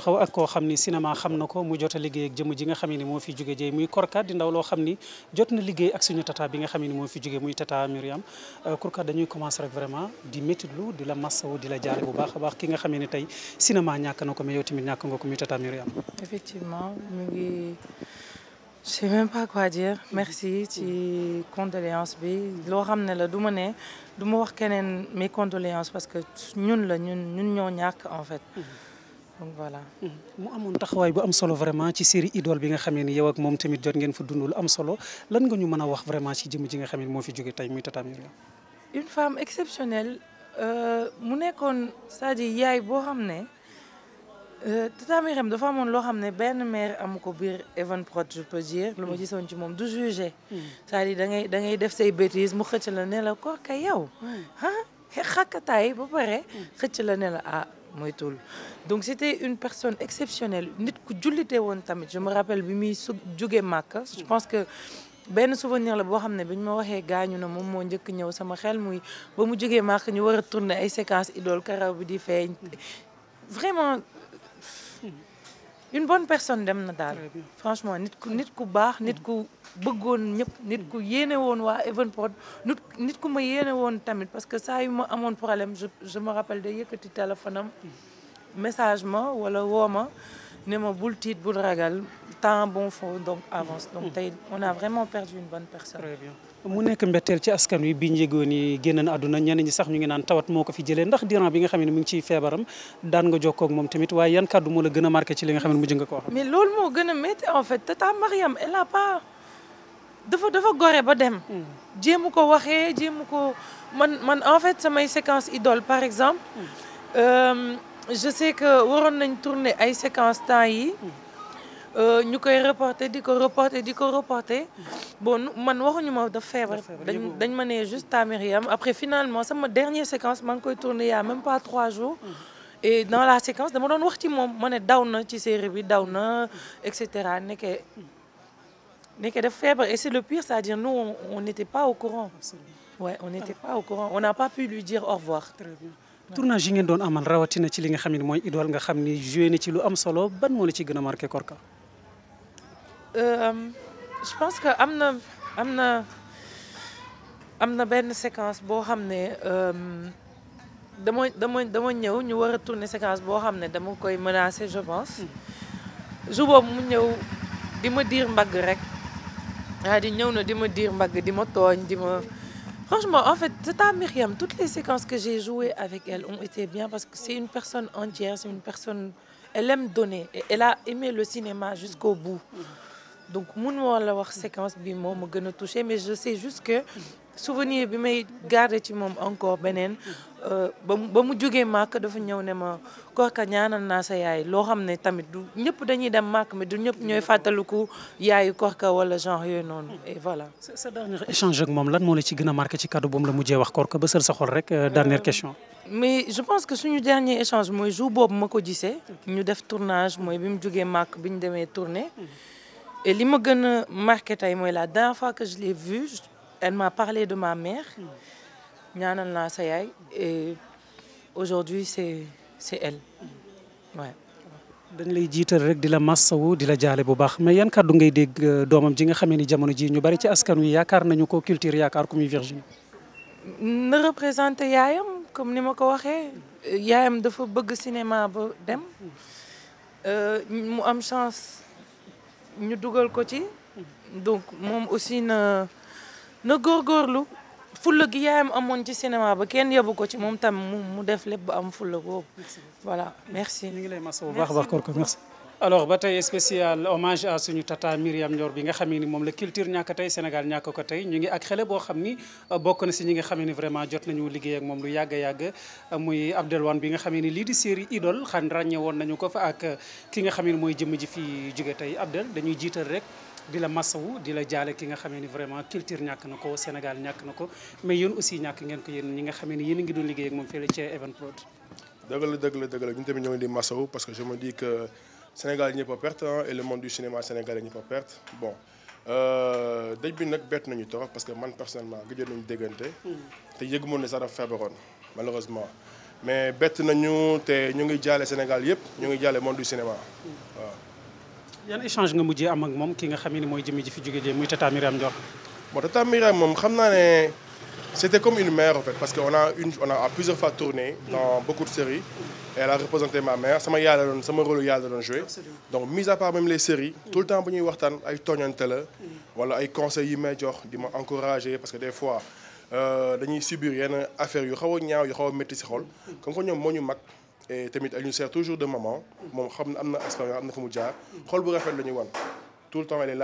taxaw ak koo xam ni cinéma xam na ko mu jot a liggéey ak jëmm ji nga xam ne moo fi jóge jëy muy Korka di ndaw loo xam ni jot na liggéey ak suñu tata bi nga xam moo fi jóge muy tata Myriam euh, Korka di a nga xam ne cinéma ñàkk na ko mais yow tamit ñàkk nga muy tata Myriam effectivement merci ci condoléance bi loo xam ne la du ne du wax keneen mes condoléances parce que ñun la ñun ñun ñoo ñàkk en fait mm-hmm. donc voilà. mu amoon taxawaay bu am solo vraiment ci série idole bi nga xamee ni yow ak moom tamit jot ngeen fa dund lu am solo lan nga ñu mën a wax vraiment ci jëm ji nga xam ne moo fi jóge tey muy Tata Myriam. une euh, mu nekkoon cest à yaay boo xam ne euh, Tata Myriam dafa amoon loo xam ne benn mère am ko biir Evenprod je peux dire. lu ma mm. gisoon ci moom du jugé. Mm. c'est-à-dire da def say bêtises mu xëcc la ne la kooka yow. ah xàkkataay ba pare. Mm. xëcc la moytul donc c'était une personne exceptionnelle nit ku jullite woon tamit je me rappelle bi muy su jóge màkk je pense que benn souvenir la boo xam ne bi ñu ma waxee gaañu na moom moo njëkk ñëw sama xel muy ba mu jógee màkk ñu war a tourner ay séquences idole karaw bi di feeñ vraiment une bonne personne dem na daal franchement nit ku nit ku baax nit ku bëggoon ñëpp nit ku yéene woon waa Evenprod nit nit ku ma yéene woon tamit parce que saa yu ma amoon problème je je me rappelle day yëkkati téléphone am message ma wala woo ma ne ma bul tiit bul ragal temps bon faut donc avance donc mm. tey on a vraiment perdu une bonne personne. mu nekk mbetteel ci askan wi bi ñu yëgoon ni génn na àdduna ñi sax ñu ngi naan tawat moo ko fi jëlee ndax dira bi nga xam ne mu ngi ciy feebaram daan nga jokkoo ak moom tamit waaye yan kàddu moo la gën a marqué ci li nga xam ne mujj ko wax. a métti en fait tata Mariam a dafa dafa gore ba dem. Hmm. jéemu ko waxee jéemu ko man man en fait samay séquence idole par exemple. Hmm. Euh, je sais que waroon nañ tourner ay séquence temps yi hmm. Euh, ñu koy reporté di ko reporté di ko reporté bon man waxuñu ma daf feebar dañ dañ ma nee juste à Myriam après finalement sama dernière séquence maa ngi koy tourné y a même pas trois jours mm. et la séquence dama doon wax ci moom ma ne daw na ci série bi daw na et cetera nekkee nekkee daf feebar et c'est le pire c'est-à-dire nous on, on n'était pas au courant ouais on n'était ah. pas au courant on n'a pas pu lui dire au revoir Très bien. tournage yi amal rawatina ci li nga xam ne mooy idole nga xam ni joué na ci lu am solo ban moo la ci gën a marqué Korka Euh, je pense que am na am na am na benn séquence boo xam ne euh, dama dama dama ñëw ñu war a tourner séquence boo xam ne dama koy menacer je pense jour boobu mu ñëw di ma diir mbagg rek a di ñëw na di ma diir mbag di ma tooñ di ma franchement en fait Tata Myriam toutes les séquences que j'ai jouées avec elle ont été bien parce que c'est une personne entière c'est une personne elle aime donner et elle a aimé le cinéma jusqu'au bout donc mënuma la wax séquence bi moom ma gën a touché mais je sais juste que souvenir bi may garder ci moom encore beneen euh, ba mu ba mu jógee màkk dafa ñëw ne ma Korka ñaanal naa sa yaay loo xam ne tamit du ñëpp dañuy dem màkk mais du ñëpp ñooy fàttaliku yaayu Korka wala genre yooyu noonu et voilà. sa dernier moom lan moo la ci gën a marqué ci kàddu boobu la mujjee wax Korka ba sër sa xol rek euh, euh, dernière question. mais que suñu dernier échange mooy jour boobu ma ko gisee. ñu def tournage mooy bi mu jugee màkk bi ñu demee tourner. et li ma gën a marqué tey mooy la dernière fois que je l'ai vue elle m'a parlé de ma mère ñaanal naa sa yaay et aujourd'hui c'est elle dañ lay jiital rek di la massawu di la jaale bu baax mais yan kàddu ngay dégg euh, doomam ji nga xamee ni jamono jii ñu bari ci askan wi yaakaar nañu ko culture yaakaar ku muy Virginie. na yaayam comme ni ma ko waxee yaayam dafa bëgg cinéma ba dem euh, am chance. ñu dugal ko ci donc moom aussi na na góorgóorlu fulla gi yaayam amoon ci cinéma ba kenn yebu ko ci moom tam mu def lépp ba am fulla boobu voilà merci ñu ngi lay masawu baax a baax merci alors ba tey spécial hommage à suñu tata Myriam Ndior bi nga xam ni moom la culture ñàkk tey Sénégal ñàkk ko tey ñu ngi ak xele boo xam ni euh, bokk na si ñi nga xam ni jot nañu liggéey ak moom lu yàgg a yàgg euh, muy Abdelwan bi ni lii di série Idole xan ràññe woon nañu ko euh, ki nga xam ni mooy jëmm ji fi jóge tey Abdel dañuy jiital rek di la masawu di la jaale ki nga xam ni vraiment culture ñàkk na ko Sénégal ñàkk na ko mais yéen aussi ñàkk ngeen ko yéen ñi nga xam ni yéen ngi doon liggéey ak moom fii la ci Evenprod dëgg la dëgg ñu tamit ñoo ngi di masawu parce que je Sénégal ñëpp a perte et le monde du cinéma sénégalais ñëpp a perte bon euh, dëj bi nag bett nañu torop parce que man personnellement gëjoon nañu déggante. Hmm. te yëgu moon ne sax dafa feebaroon malheureusement mais bett nañu te ñu ngi jaale Sénégal yëpp ñoo ngi jaale monde du cinéma hmm. waaw. yan échange nga mujjee am ak moom ki nga xam ne mooy jëmi ji fi jóge jee muy Tata Miram Ndior. bon Tata moom xam naa ne. C'était comme une mère en fait parce que on a une plusieurs fois tourné dans beaucoup de séries elle a représenté ma mère sama yaay la sama rôle yaay la doon donc mis à part même les séries tout le temps bu ñuy waxtaan ay tooñante la wala ay conseils yi may jox di ma encourager parce que des fois euh, dañuy subir yenn affaires yu xaw a ñaaw yu xaw a métti si xol comme que ñoom moo ñu mag et tamit elle nous sert toujours de maman moom xam na am na expérience bu rafet la ñu wan tout le temps elle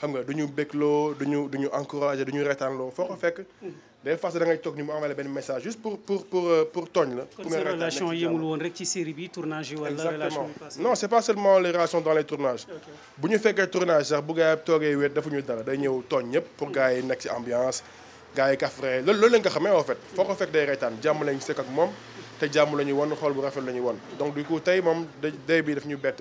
xam nga du ñu bégloo du ñu du ñu encouragé du ñu reetaanloo foo ko mm. fekk. day fas da ngay toog ni mu envoyé benn message juste pour pour pour euh, tooñ la. pour nga relation yemul woon rek ci série bi tournage yi wala relation non c' est pas seulement les relations dans les bu ñu fekkee tournage sax bu gars yi toogee wéet defuñu dara day ñëw tooñ ñëpp. pour gars yi nekk si ambiance gars yi kafre loolu loolu lañ ko xamee en fait. foo ko fekk day reetaan jàmm lañ sekk ak moom. te jàmm la ñuy won xool bu rafet la ñuy won donc du coup tey moom day bii daf ñu bett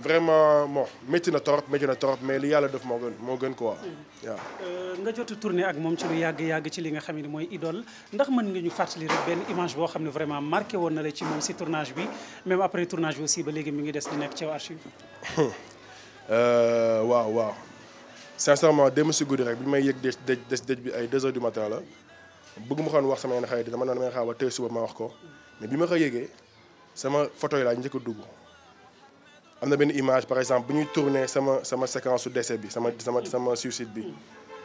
vraiment bon métti na torop métti na torop mais li yàlla def moo gën moo gën quoi waaw. Hmm. Euh, nga jot tournée ak moom ci lu yàgg yàgg ci li nga xam ne mooy idole ndax mën nga ñu fàttali rek benn image boo xam ne vraiment marqué woon na la ci moom si tournage bi même après tournage bi aussi ba léegi mu ngi des di nekk ci archive. Euh, waaw waaw sincèrement démb si guddi rek bi may yëg dëj dëj dëj bi ay 2 heures la. bëgg ma xoon wax sama yenn xarit dama naan may xaawa tey suba ma wax ko mais bi ma ko yëgee sama photo yi laa njëkk a dugg am na benn image par exemple bu ñuy tourné sama sama séquence su décès bi sama sama sama suicide bi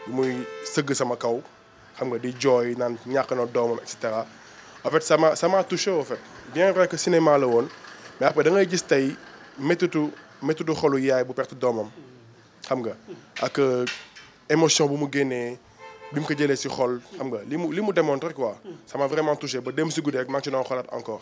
bu muy sëgg sama kaw xam nga di jooy naan ñàkk na doomam et cetera en fait sama m'a ça m'a touché en fait bien vrai que cinéma la woon mais après da gis tey méttitu méttitu xolu yaay bu perte doomam xam nga ak euh, émotion bu mu génnee bi mu ko jëlee si xol xam nga li mu li mu demoon quoi ça m'a vraiment touché ba dem si guddi rek maa ngi ci doon xoolaat encore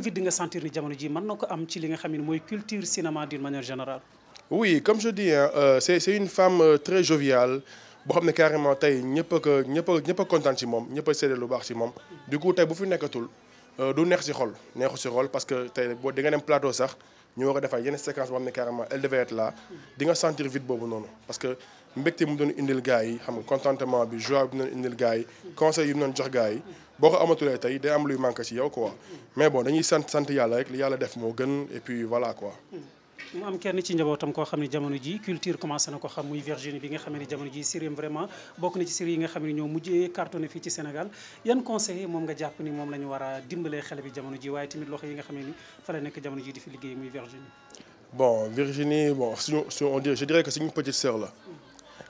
ban vide nga sentir ni jamono ji mën na ko am ci li nga xam ne mooy culture cinéma d'une manière générale. oui comme je dis hein euh, c'est une femme euh, très joviale boo xam ne carrément tey ñëpp ko ñëpp a ñëpp a kontaan ci moom ñëpp a lu baax ci moom. du coup tey bu fi nekkatul euh, du neex ci xol neexu ci xol parce que tey boo di nga dem plateau sax. ñu war a defaat yenn séquence boo xam ne carrément elle devait boobu noonu parce que mbégte mu doon indil gars yi xam nga contentement bi joie bi mu doon indil gars conseil yi doon jox gars boo ko amatulee tey day am luy manqué ci yow quoi mais bon dañuy sant sant yàlla rek li yàlla def moo gën et puis voilà quoi mu am kenn ci njabootam koo xam ne jamono ji culture commencé na ko xam muy Virginie bi nga xam ne jamono ji série vraiment bokk na ci série yi nga xam ne ñoo mujjee cartonné fii ci Sénégal yan conseil moom nga jàpp ni moom la ñu war a dimbalee xale bi jamono ji waaye tamit loxo yi nga xam ne ni fa la nekk jamono ji di fi liggéey muy Virginie bon Virginie bon su on dirait je dirais que suñu petite sœur la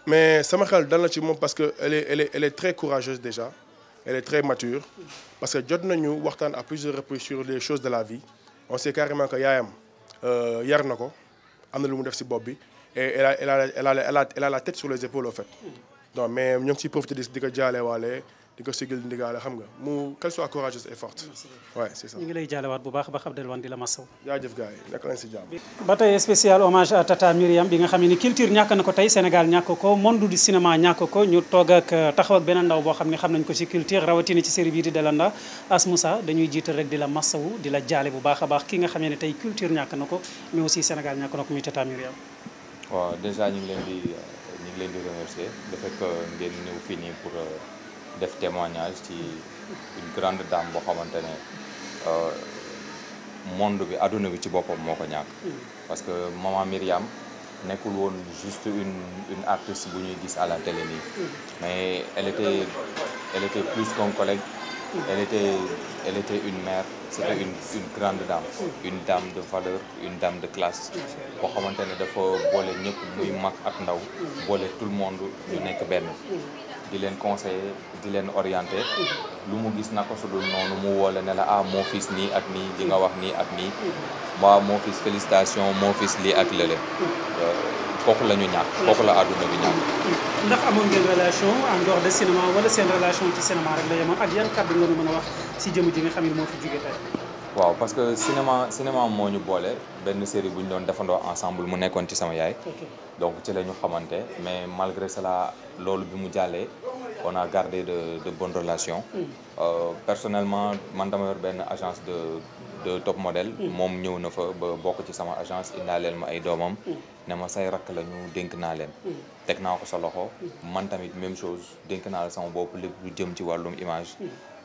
mais sama xel dal na ci moom parce que elle est elle est elle est très courageuse déjà elle est que jot nañu waxtaan à plusieurs reprises sur les de la vie on sait carrément que Euh, yar na ko am na lu mu def si bopp bi et elle la tête sur les épaules en donc mais ñoo si ciy profité di ko jaalewaale di ko sigil ndigaale xam nga mu qu'elle a xam ne culture ñàkk na ko tey Sénégal ñàkk euh, ndaw boo xam ne xam nañ ko si culture rawatina ci série bii di As Moussa dañuy jiital rek di la masawu di la jaale bu baax a baax ki nga xam ne tey culture ñàkk na ko mais aussi Sénégal ñàkk na ko muy Tata Myriam. def témoignage ci une grande dame boo xamante ne euh, monde bi adduna bi ci boppam moo ko ñàkk. parce que maman Myriam nekkul woon juste une une bu ñuy gis à la télé mais elle était elle était plus qu'un collègue. elle était elle était une mère c'était une une grande dame une dame de valeur une dame de classe boo xamante ne dafa boole ñëpp muy mag ak ndaw boole tout le monde ñu nekk benn di leen conseiller di leen orienté lu mu gis na ko dul noonu mu woole ne la ah mon fils nii ak nii li wax nii ak nii waaw mon fils félicitation mon fils lii ak lële euh, kooku la ñu ñàkk kooku la adduna bi ñàkk ndax amoon ngeen relation en dehors de cinéma wala seen relation ci cinéma rek la yemoon ak yan kàddu nga mën a wax si jëm ji nga xam ne moo fi jóge tey waaw parce que cinéma cinéma moo ñu boole benn série bu ñu doon defandoo ensemble mu nekkoon ci sama yaay. donc ci la ñu xamante mais malgré cela loolu bi mu jàllee on a gardé de de bonnes relations. Mm. Euh, personnellement man dama yor benn agence de de top modèle. Mm. moom ñëw na fa ba bokk ci sama agence leen ma ay doomam. Mm. ne ma say rakk lañu ñu dénk naa leen. teg naa ko sa loxo. man tamit même chose dénk naa la sama bopp lépp lu jëm ci wàllum image.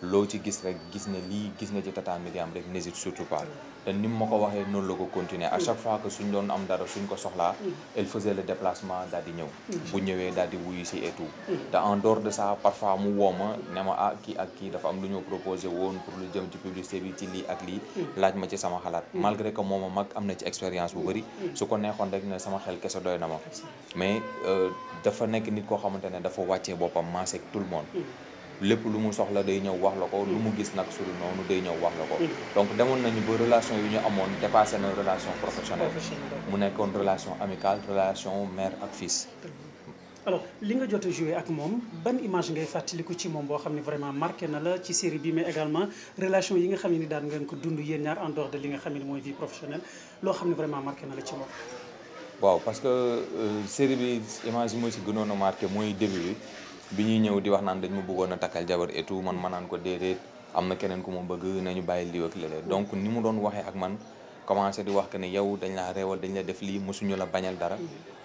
loo ci gis rek gis ne lii gis nga ci Tata Myriam rek n'hésite surtout pas te ni mu ma ko waxee noonu la ko continuer à chaque fois que suñ doon am dara suñ ko soxlaa elle faisait le déplacement daal di ñëw bu ñëwee daal di wuyu si et tout te en dehors de ça parfois mu woo ma ne ma ah kii ak kii dafa am lu ñu proposé woon pour lu jëm ci publicité bi ci lii ak lii laaj ma ci sama xalaat malgré que moom a mag am na ci expérience bu bëri su ko neexoon rek ne sama xel kese doy na ma mais euh, dafa nekk nit koo xamante ne dafa wàccee boppam maase ak tout le monde lépp lu mu soxla day ñëw wax la ko lu mu gis nag sul noonu day ñëw wax la ko mm. donc demoon nañu ba relation yu ñu amoon dépassé na relation professionnelle mu nekkoon relation amicale relation mère ak fiis mm. alors li nga jot a joué ak moom ban image ngay fàttaliku ci moom boo xam ne vraiment marqué na la ci série bi mais également relation yi nga xam ne ni daan ngeen ko dund yéen ñaar en dehors de li nga xam ne mooy vie professionnelle loo xam ne vraiment marqué na la ci moom waaw parce que euh, série bi image yi moo si gënoon a mooy début bi ñuy ñëw di wax naan dañ ma bëggoon a takkal jabar et tout man ma ko déedéet am na keneen ku ma bëgg nañu bàyyi lii ak lële donc ni mu doon waxee ak man commencé di wax que ne yow dañ laa reewal dañ la def lii mësuñu la bañal dara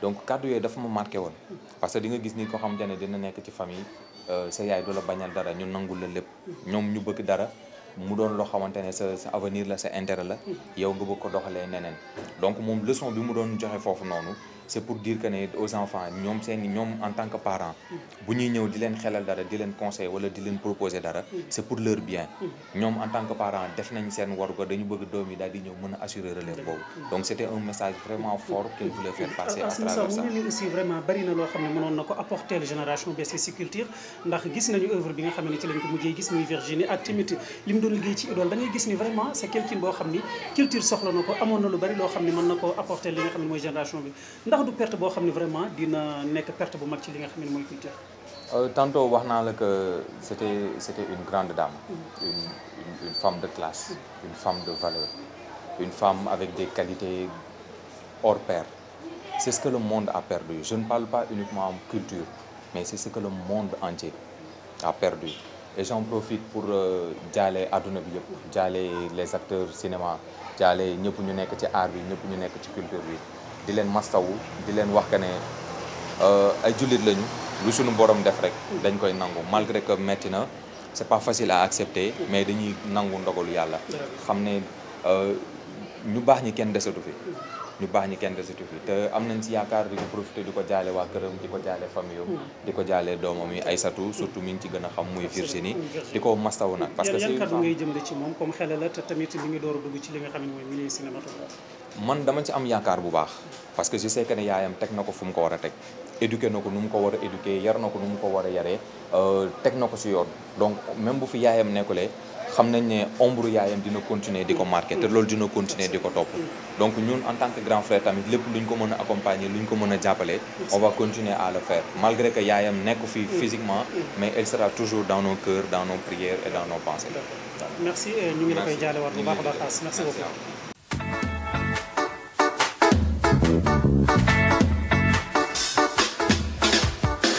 donc kàddu yooyu dafa ma marqué woon parce que di nga gis ni ko xam ne dina nekk ci famille euh, sa yaay du la bañal dara ñu nangul la lépp ñoom ñu bëgg dara mu doon loo xamante ne sa sa avenir la sa intérêt la yow nga bëgg ko doxalee neneen donc moom leçon bi mu doon joxe foofu noonu c'est pour dire que ne aux enfants ñoom seen ñoom en tant que parent bu ñuy ñëw di leen xelal dara di leen conseil wala di leen proposer dara c'est pour leur bien ñoom en tant que parent def nañ seen wargo dañu bëgg doom yi daal di ñëw mën a assurer relève boobu donc c'était un message vraiment fort qu'il voulait faire passer à travers ça ni aussi vraiment bari loo xam ne mënoon na ko apporter la génération bees ci culture ndax gis nañu œuvre bi nga xam ndax du perte boo xam ne vraiment dina nekk perte bu mag ci li nga xam ne mooy culture. Euh, tantôt wax naa la que c'était c'était une grande dame une une une femme de classe une femme de valeur une femme avec des qualités hors pair c'est ce que le monde a perdu je ne parle pas uniquement en culture mais c'est ce que le monde entier a perdu et j'en profite pour euh, jaale adduna bi yëpp jaale les acteurs cinéma jaale ñëpp ñu nekk ci art bi ñëpp ñu nekk ci culture bi di leen mastawu di leen wax que ne euh, ay jullit lañu lu suñu borom def rek dañ koy nangu malgré que metti na c'est pas facile à accepter mais dañuy nangu ndogalu yàlla xam ne euh, ñu baax ñi kenn desatu fi ñu baax ñi kenn desitu fi te am nañ si yaakaar di profité di ko jaale waa këram di ko jaale famille am hmm. di ko jaale doomam yi Aysatu surtout mi ngi a xam muy Virginie di ko mastaw nag que yan kàddu ngay jëmale ci moom comme xelal man dama ci am yaakaar bu baax parce que je sais que yaayam teg na ko fu mu ko war a teg éduqué na ko nu mu ko war a yar na ko nu mu ko war a yaree euh, teg na ko si yoon donc même bu fi yaayam nekkulee xam nañ ne ombre yaayam dina continuer di ko marqué te loolu dina continuer di ko topp donc ñun en tant que grand frère tamit lépp lu ko mën a accompagner lu ñu ko mën a jàppale o va continuer à le faire malgré que yaayam nekk fi physiquement mais elle sera toujours dans nos cœurs dans nos prières et dans nos pensées merci euh, a baax merci beaucoup